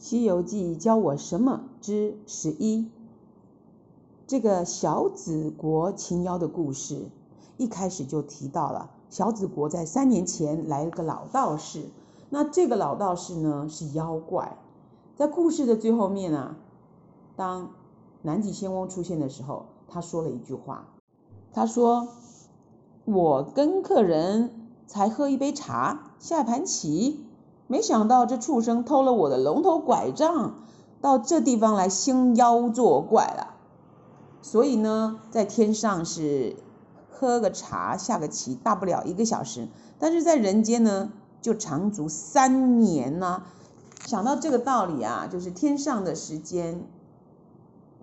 《西遊記》教我什麼之十一，這個朱紫國擒妖的故事，一開始就提到了朱紫國在三年前來了個老道士。那這個老道士呢，是妖怪。在故事的最後面啊，當南極仙翁出現的時候，他說了一句話，他說：“我跟客人才喝一杯茶，下一盤棋。”沒想到這畜生，偷了我的龍頭拐杖，到這地方來興妖作怪了。所以呢，在天上是喝個茶下個棋，大不了一個小時；但是在人間呢，就長足三年呢啊。想到這個道理啊，就是天上的時間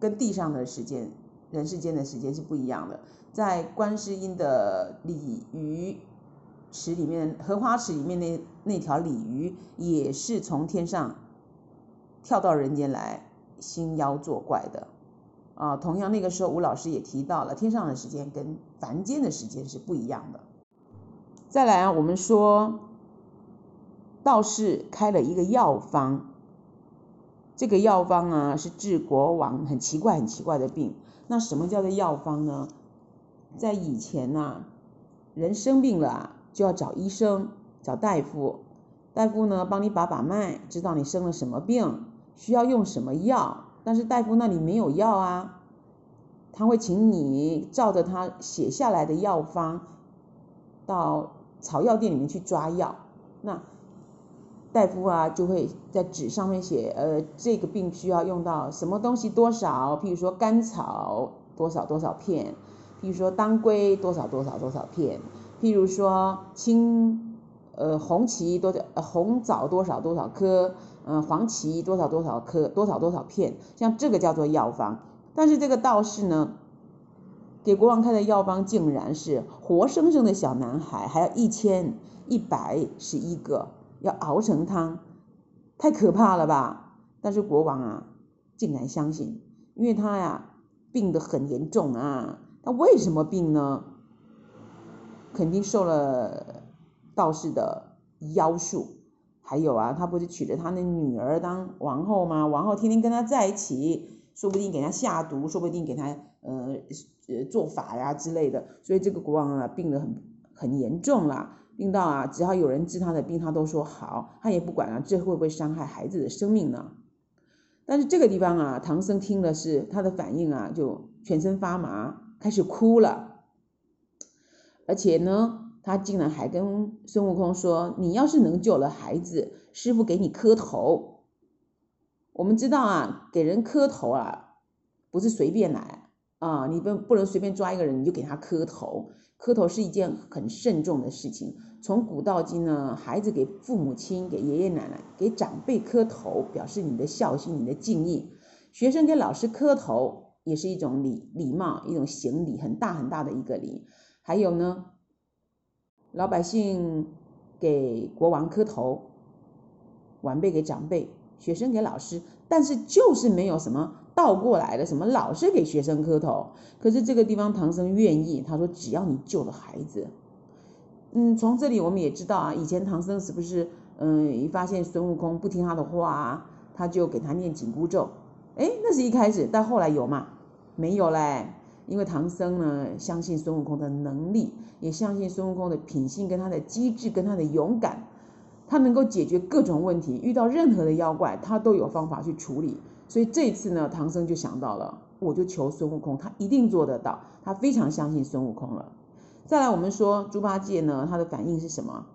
跟地上的時間、人世間的時間是不一樣的。在觀世音的鯉魚。池裡面荷花池裡面，那那條鯉魚也是從天上跳到人間來興妖作怪的啊。同樣那個時候吳老師也提到了天上的時間跟凡間的時間是不一樣的。再來啊，我們說道士開了一個藥方，這個藥方啊是治國王很奇怪很奇怪的病。那什麼叫做藥方呢？在以前吶，啊，人生病了啊。就要找醫生，找大夫，大夫呢幫你把把脈，知道你生了什麼病，需要用什麼藥，但是大夫那裡沒有藥啊，他會請你照着他寫下來的藥方，到草藥店裡面去抓藥。那大夫啊就會在紙上面寫，呃，這個病需要用到什麼東西多少，譬如說甘草多少多少片，譬如說當歸多少多少多少片。譬如說青，青呃紅芪多少，紅棗多少多少顆，嗯、呃、黃芪多少多少顆，多少多少片，像這個叫做藥方。但是這個道士呢，給國王開的藥方竟然是活生生的小男孩，還要一千一百一十一個，要熬成湯，太可怕了吧？但是國王啊，竟然相信，因為他呀病得很嚴重啊。他為什麼病呢？肯定受了道士的妖術，還有啊，他不是娶了他那女兒當王后嗎？王后天天跟他在一起，說不定給他下毒，說不定給他呃呃做法呀之類的，所以這個國王啊，病得很很嚴重了，病到啊，只要有人治他的病，他都說好，他也不管了，這會不會傷害孩子的生命呢？但是這個地方啊，唐僧聽了是，他的反應啊，就全身發麻，開始哭了。而且呢，他竟然還跟孫悟空說：“你要是能救了孩子，師父給你磕頭。”我們知道啊，給人磕頭啊，不是隨便來啊，你不不能隨便抓一個人你就給他磕頭，磕頭是一件很慎重的事情。從古到今呢，孩子給父母親、給爺爺奶奶、給長輩磕頭，表示你的孝心、你的敬意；學生給老師磕頭，也是一種禮禮貌、一種行禮，很大很大的一個禮。還有呢，老百姓給國王磕頭，晚輩給長輩，學生給老師，但是就是沒有什麼倒過來的，什麼老師給學生磕頭。可是這個地方唐僧願意，他說只要你救了孩子，嗯，從這裡我們也知道啊，以前唐僧是不是嗯，一發現孫悟空不聽他的話啊，他就給他念緊箍咒，誒，那是一開始，但後來有嗎？沒有嘞。因為唐僧呢，相信孫悟空的能力，也相信孫悟空的品性跟他的機智跟他的勇敢，他能夠解決各種問題，遇到任何的妖怪他都有方法去處理。所以這一次呢，唐僧就想到了，我就求孫悟空，他一定做得到，他非常相信孫悟空了。再來，我們說豬八戒呢，他的反應是什麼？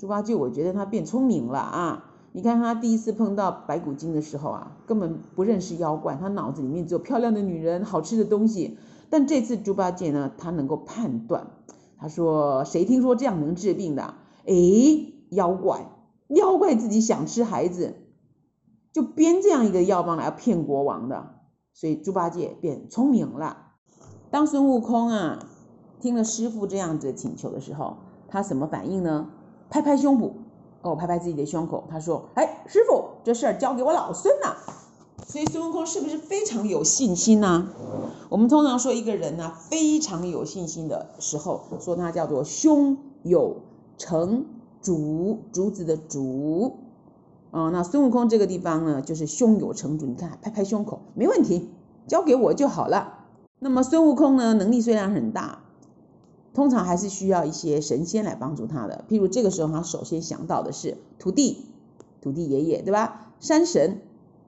豬八戒，我覺得他變聰明了啊！你看他第一次碰到白骨精的時候啊，根本不認識妖怪，他腦子裡面只有漂亮的女人、好吃的東西。但這次豬八戒呢，他能夠判斷，他說誰聽說這樣能治病的？哎，妖怪，妖怪自己想吃孩子，就編這樣一個藥方來騙國王的。所以豬八戒變聰明了。當孫悟空啊聽了師傅這樣子請求的時候，他什麼反應呢？拍拍胸脯，哦，拍拍自己的胸口，他說：哎，師傅，這事兒交給我老孫了。所以孫悟空是不是非常有信心呢，啊？我們通常說一個人呢，啊、非常有信心的時候，說他叫做胸有成竹，竹子的竹。啊、哦，那孫悟空這個地方呢就是胸有成竹，你看拍拍胸口，沒問題，交給我就好了。那麼孫悟空呢能力雖然很大，通常還是需要一些神仙來幫助他的。譬如這個時候他首先想到的是土地，土地爺爺對吧？山神。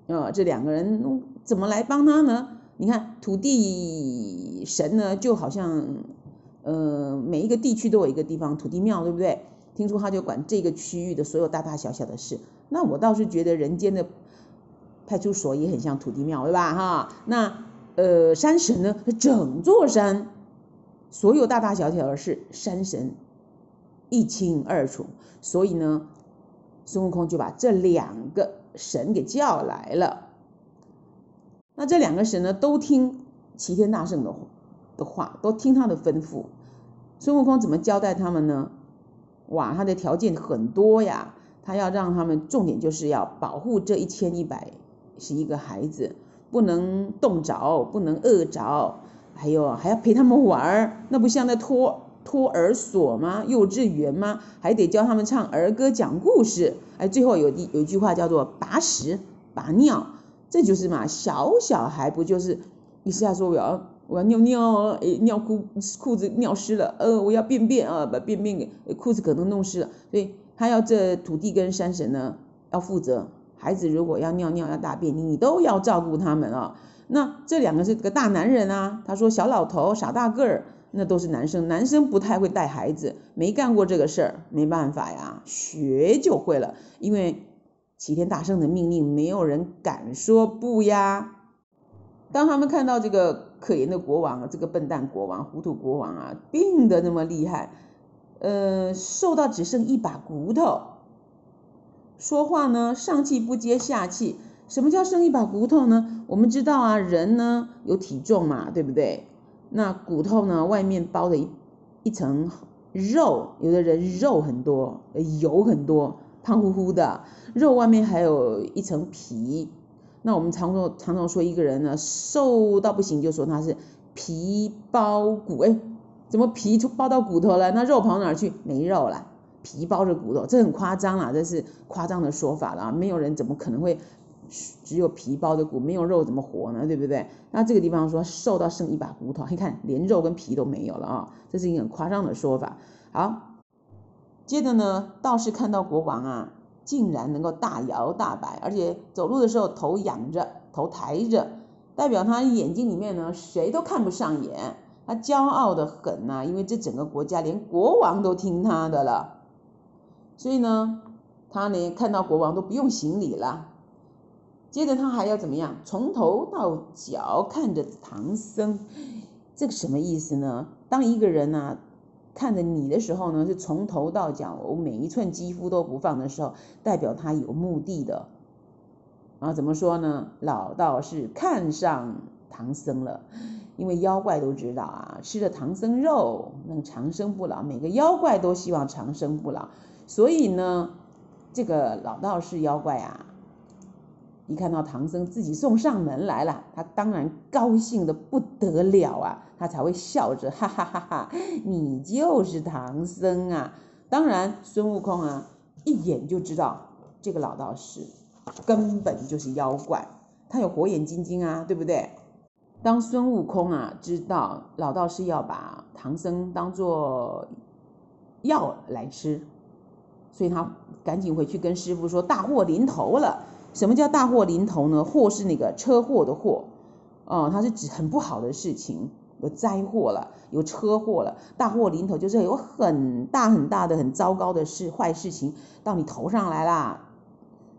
呃，這兩個人怎麼來幫他呢？你看土地神呢，就好像呃每一個地區都有一個地方土地廟，對不對？聽說他就管這個區域的所有大大小小的事。那我倒是覺得人間的派出所也很像土地廟，對吧？哈，那呃山神呢，整座山所有大大小小的事，山神一清二楚。所以呢，孫悟空就把這兩個。神給叫來了。那這兩個神呢，都聽齊天大聖的的話，都聽他的吩咐。孫悟空怎麼交代他們呢？哇，他的條件很多呀，他要讓他們重點就是要保護這一千一百是一個孩子，不能凍着，不能餓着，還有還要陪他們玩，那不像那托。托兒所嗎？幼稚園嗎？還得教他們唱兒歌、講故事。哎，最後有一有一句話叫做把“把屎把尿”，這就是嘛，小小孩不就是一下說我要我要尿尿，哎尿，尿褲褲子尿濕了，呃我要便便啊，把便便給褲子可能弄濕了，所以他要這土地跟山神呢要負責，孩子如果要尿尿要大便，你都要照顧他們啊。那這兩個是個大男人啊，他說小老頭傻大個兒。那都是男生，男生不太會帶孩子，沒幹過這個事兒，沒辦法呀，學就會了。因為齊天大聖的命令，沒有人敢說不呀。當他們看到這個可憐的國王，這個笨蛋國王、糊塗國王啊，病得那麼厲害，呃，瘦到只剩一把骨頭，說話呢上氣不接下氣。什麼叫剩一把骨頭呢？我們知道啊，人呢有體重嘛，對不對？那骨頭呢？外面包的一一層肉，有的人肉很多，油很多，胖乎乎的。肉外面還有一層皮。那我們常說，常常說一個人呢瘦到不行，就說他是皮包骨。哎，怎麼皮就包到骨頭了？那肉跑哪兒去？沒肉了，皮包着骨頭，這很誇張啊，這是誇張的說法了。沒有人怎麼可能會。只有皮包的骨，沒有肉，怎麼活呢？對不對？那這個地方說瘦到剩一把骨頭，你看連肉跟皮都沒有了啊、哦，這是一個很誇張的說法。好，接着呢，道士看到國王啊，竟然能夠大搖大擺，而且走路的時候頭仰着，頭抬着，代表他眼睛裡面呢，誰都看不上眼，他驕傲得很吶、啊，因為這整個國家連國王都聽他的了，所以呢，他連看到國王都不用行禮了。接着他還要怎麼樣？從頭到腳看着唐僧，這個什麼意思呢？當一個人呢、啊、看着你的時候呢，是從頭到腳，我每一寸肌膚都不放的時候，代表他有目的的。啊，怎麼說呢？老道士看上唐僧了，因為妖怪都知道啊，吃了唐僧肉能長生不老，每個妖怪都希望長生不老，所以呢，這個老道士妖怪啊。一看到唐僧自己送上門來了，他當然高興得不得了啊，他才會笑着哈哈哈哈，你就是唐僧啊！當然孫悟空啊，一眼就知道這個老道士根本就是妖怪，他有火眼金睛啊，對不對？當孫悟空啊知道老道士要把唐僧當做藥來吃，所以他趕緊回去跟師傅說大禍臨頭了。什麼叫大禍臨頭呢？禍是那個車禍的禍，哦、嗯，他是指很不好的事情，有災禍了，有車禍了，大禍臨頭就是有很大很大的很糟糕的事，壞事情到你頭上來了，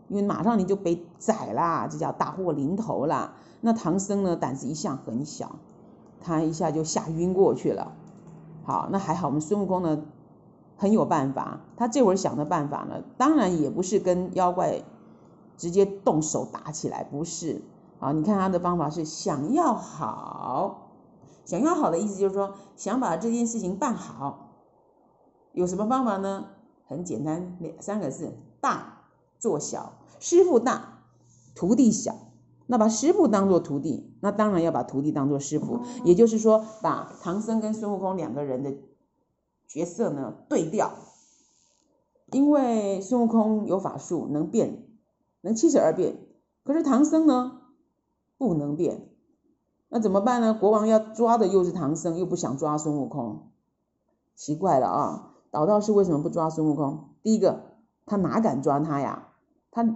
因為馬上你就被宰啦，這叫大禍臨頭啦。那唐僧呢，膽子一向很小，他一下就嚇暈過去了。好，那還好我們孫悟空呢很有辦法，他這會兒想的辦法呢，當然也不是跟妖怪。直接動手打起來不是啊？你看他的方法是想要好，想要好的意思就是說想把這件事情辦好。有什麼方法呢？很簡單，兩三個字：大做小，師傅大，徒弟小。那把師傅當做徒弟，那當然要把徒弟當做師傅。也就是說，把唐僧跟孫悟空兩個人的角色呢對調，因為孫悟空有法術，能變。能七十二變，可是唐僧呢不能變，那怎麼辦呢？國王要抓的又是唐僧，又不想抓孫悟空，奇怪了啊！老道士為什麼不抓孫悟空？第一個，他哪敢抓他呀？他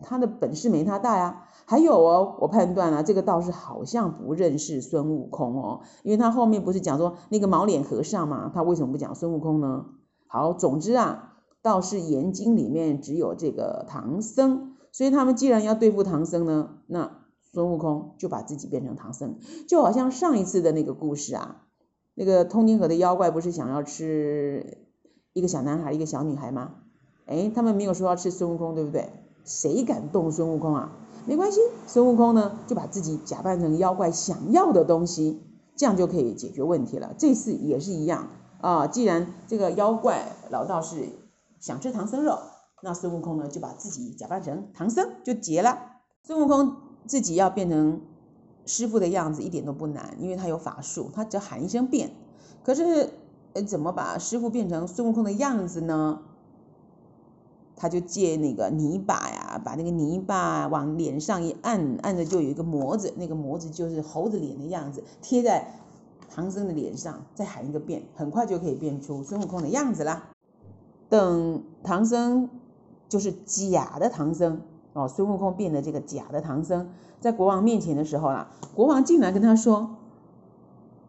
他的本事沒他大呀。還有哦，我判斷啊，這個道士好像不認識孫悟空哦，因為他後面不是講說那個毛臉和尚嘛，他為什麼不講孫悟空呢？好，總之啊。道士眼睛裡面只有這個唐僧，所以他們既然要對付唐僧呢，那孫悟空就把自己變成唐僧，就好像上一次的那個故事啊，那個通天河的妖怪不是想要吃一個小男孩一個小女孩嗎？誒，他們沒有說要吃孫悟空，對不對？誰敢動孫悟空啊？沒關係，孫悟空呢就把自己假扮成妖怪想要的東西，這樣就可以解決問題了。這次也是一樣啊，既然這個妖怪老道士。想吃唐僧肉，那孫悟空呢就把自己假扮成唐僧就結了。孫悟空自己要變成師傅的樣子一點都不難，因為他有法術，他只要喊一聲變。可是呃怎麼把師傅變成孫悟空的樣子呢？他就借那個泥巴呀，把那個泥巴往臉上一按，按着就有一個模子，那個模子就是猴子臉的樣子，貼在唐僧的臉上，再喊一個變，很快就可以變出孫悟空的樣子啦。等唐僧就是假的唐僧哦，孫悟空變的這個假的唐僧，在國王面前的時候啊，國王進來跟他說，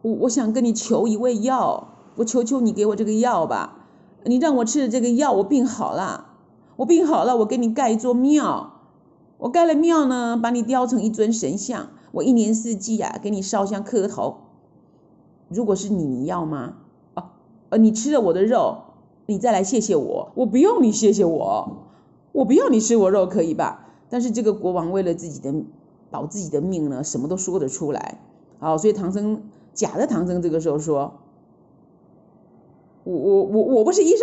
我我想跟你求一味藥，我求求你給我這個藥吧，你讓我吃的這個藥，我病好了，我病好了，我給你蓋一座廟，我蓋了廟呢，把你雕成一尊神像，我一年四季呀給你燒香磕頭，如果是你，你要嗎？哦，呃，你吃了我的肉。你再來謝謝我，我不用你謝謝我，我不要你吃我肉，可以吧？但是這個國王為了自己的保自己的命呢，什麼都說得出來。好，所以唐僧，假的唐僧這個時候說：“我我我我不是醫生，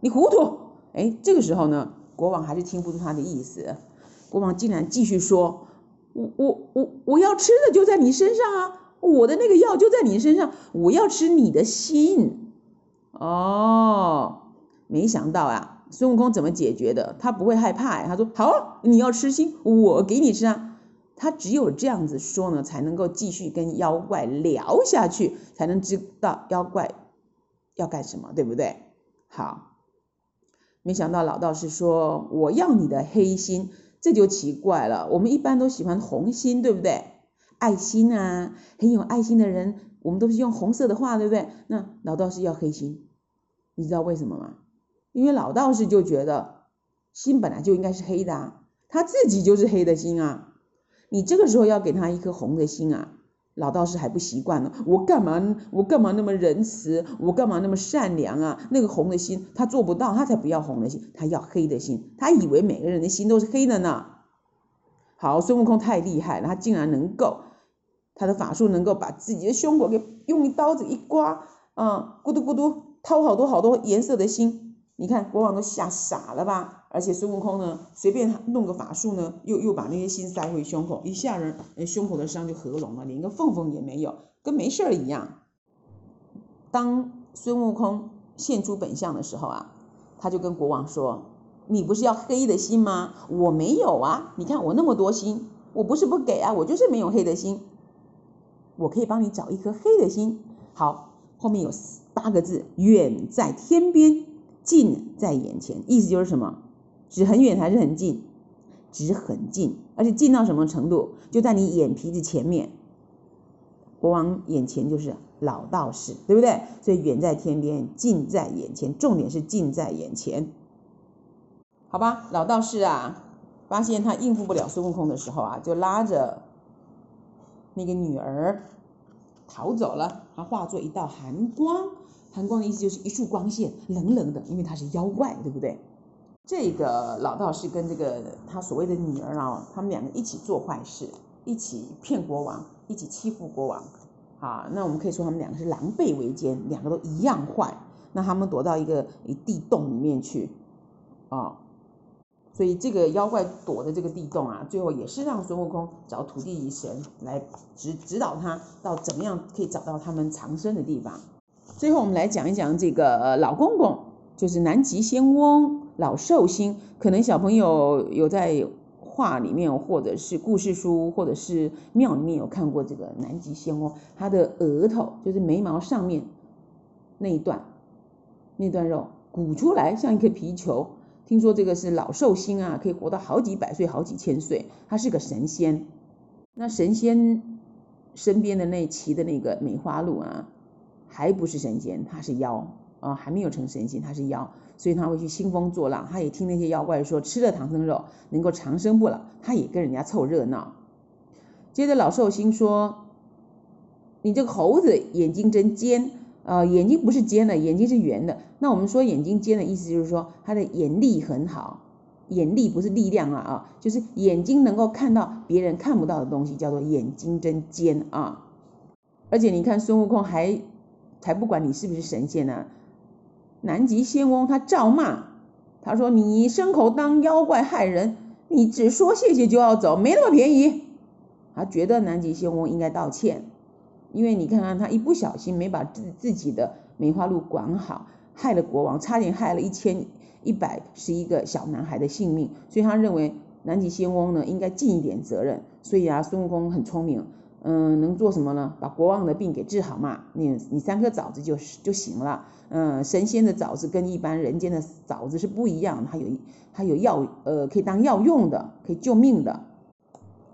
你糊塗。”哎，這個時候呢，國王還是聽不出他的意思。國王竟然繼續說：“我我我我要吃的就在你身上啊，我的那個藥就在你身上，我要吃你的心。”哦，沒想到啊，孫悟空怎麼解決的？他不會害怕啊，他說好啊，你要吃心，我給你吃啊。他只有這樣子說呢，才能夠繼續跟妖怪聊下去，才能知道妖怪要幹什麼，對不對？好，沒想到老道士說，我要你的黑心，這就奇怪了。我們一般都喜歡紅心，對不對？愛心啊，很有愛心的人，我們都是用紅色的話，對不對？那老道士要黑心。你知道為什麼嗎？因為老道士就覺得心本來就應該是黑的啊，他自己就是黑的心啊。你這個時候要給他一顆紅的心啊，老道士還不習慣了。我幹嘛，我幹嘛那麼仁慈，我干嘛那麼善良啊？那個紅的心他做不到，他才不要紅的心，他要黑的心。他以為每個人的心都是黑的呢。好，孫悟空太厲害了，他竟然能夠，他的法術能夠把自己的胸口給用一刀子一刮，啊、嗯，咕嘟咕嘟。掏好多好多顏色的心，你看國王都嚇傻了吧？而且孫悟空呢，隨便弄個法術呢，又又把那些心塞回胸口，一下人胸口的傷就合攏了，連個縫縫也沒有，跟沒事兒一樣。當孫悟空現出本相的時候啊，他就跟國王說：“你不是要黑的心嗎？我沒有啊，你看我那麼多心，我不是不給啊，我就是沒有黑的心。我可以幫你找一顆黑的心。好，後面有。”八個字，遠在天邊，近在眼前。意思就是什麼？指很遠還是很近？指很近，而且近到什麼程度？就在你眼皮子前面。國王眼前就是老道士，對不對？所以遠在天邊，近在眼前，重點是近在眼前。好吧，老道士啊，發現他應付不了孫悟空的時候啊，就拉着那個女兒逃走了。他化作一道寒光。寒光的意思就是一束光線，冷冷的，因為他是妖怪，對不對？這個老道士跟這個他所謂的女兒啊，他們兩個一起做壞事，一起騙國王，一起欺負國王，啊，那我們可以說他們兩個是狼狽為奸，兩個都一樣壞。那他們躲到一個、一個地洞裡面去，啊，所以這個妖怪躲的這個地洞啊，最後也是讓孫悟空找土地神來指指導他，到怎麼樣可以找到他們藏身的地方。最後我們來講一講這個老公公，就是南極仙翁老壽星。可能小朋友有在畫裡面，或者是故事書，或者是廟裡面有看過這個南極仙翁。他的額頭就是眉毛上面那一段，那段肉鼓出來像一顆皮球。聽說這個是老壽星啊，可以活到好幾百歲、好幾千歲。他是個神仙。那神仙身邊的那騎的那個梅花鹿啊，還不是神仙，他是妖啊，還沒有成神仙，他是妖，所以他會去興風作浪。他也聽那些妖怪說吃了唐僧肉能夠長生不老，他也跟人家湊熱鬧。接着老壽星說：“你這個猴子眼睛真尖啊，呃，眼睛不是尖的，眼睛是圓的。那我們說眼睛尖的意思就是說他的眼力很好，眼力不是力量啊啊，就是眼睛能夠看到別人看不到的東西，叫做眼睛真尖啊。而且你看孫悟空還。”才不管你是不是神仙呢、啊！南極仙翁他照罵，他說，你牲口當妖怪害人，你只說謝謝就要走，沒那麼便宜。他覺得南極仙翁應該道歉，因為你看看他一不小心沒把自自己的梅花鹿管好，害了國王，差點害了一千一百十一個小男孩的性命，所以他認為南極仙翁呢應該盡一點責任。所以啊，孫悟空很聰明。嗯，能做什麼呢？把國王的病給治好嘛？你你三顆棗子就就行了。嗯，神仙的棗子跟一般人間的棗子是不一樣的，它有它有藥，呃，可以當藥用的，可以救命的。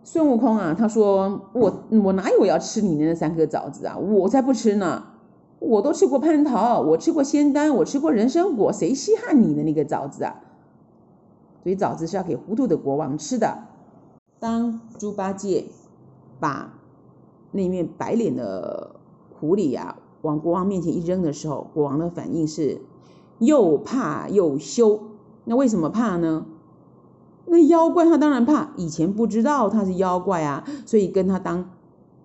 孫悟空啊，他說，我我哪有要吃你那三顆棗子啊？我才不吃呢！我都吃過蟠桃，我吃過仙丹，我吃過人參果，誰稀罕你的那個棗子啊？所以棗子是要給糊塗的國王吃的。當豬八戒把。那面白臉的狐狸啊，往國王面前一扔的時候，國王的反應是又怕又羞。那為什麼怕呢？那妖怪他當然怕，以前不知道他是妖怪啊，所以跟他當，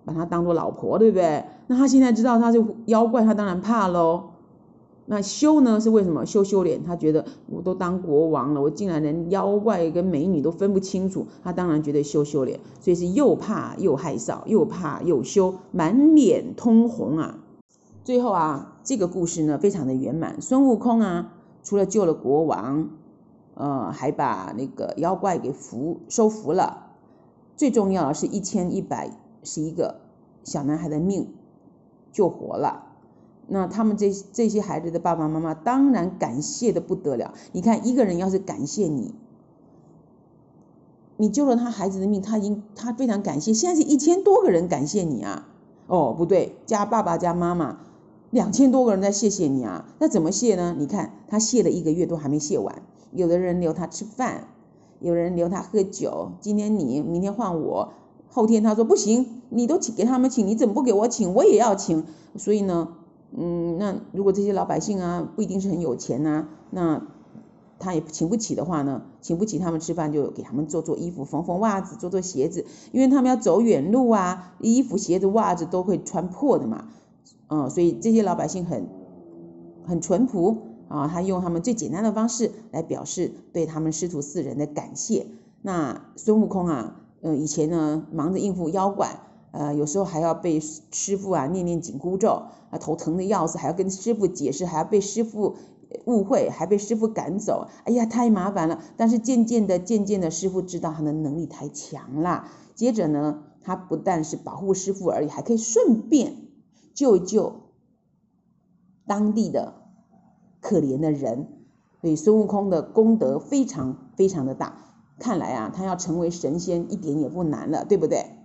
把他當做老婆，對不對？那他現在知道他是妖怪，他當然怕嘍。那羞呢？是為什麼羞羞臉？他覺得我都當國王了，我竟然連妖怪跟美女都分不清楚，他當然覺得羞羞臉，所以是又怕又害臊，又怕又羞，滿臉通紅啊！最後啊，這個故事呢，非常的圓滿。孫悟空啊，除了救了國王，呃，還把那個妖怪給服收服了。最重要的是，一千一百一十一個小男孩的命救活了。那他們這這些孩子的爸爸媽媽當然感謝得不得了。你看，一個人要是感謝你，你救了他孩子的命，他應他非常感謝。現在是一千多個人感謝你啊！哦，不對，加爸爸加媽媽，兩千多個人在謝謝你啊！那怎麼謝呢？你看，他謝了一個月都還沒謝完，有的人留他吃飯，有的人留他喝酒，今天你，明天換我，後天他說不行，你都請給他們請，你怎麼不給我請？我也要請，所以呢？嗯，那如果這些老百姓啊，不一定是很有錢吶，啊，那他也請不起的話呢，請不起他們吃飯，就給他們做做衣服，縫縫襪子，做做鞋子，因為他們要走遠路啊，衣服、鞋子、襪子都會穿破的嘛，嗯、呃，所以這些老百姓很很淳樸啊，他用他們最簡單的方式來表示對他們師徒四人的感謝。那孫悟空啊，呃，以前呢，忙着應付妖怪。呃，有時候還要被師傅啊念念緊箍咒啊，頭疼的要死，還要跟師傅解釋，還要被師傅誤會，還被師傅趕走，哎呀，太麻煩了。但是漸漸的，漸漸的，師傅知道他的能力太強了。接着呢，他不但是保護師傅而已，還可以順便救一救當地的可憐的人。所以孫悟空的功德非常非常的大。看來啊，他要成為神仙一點也不難了，對不對？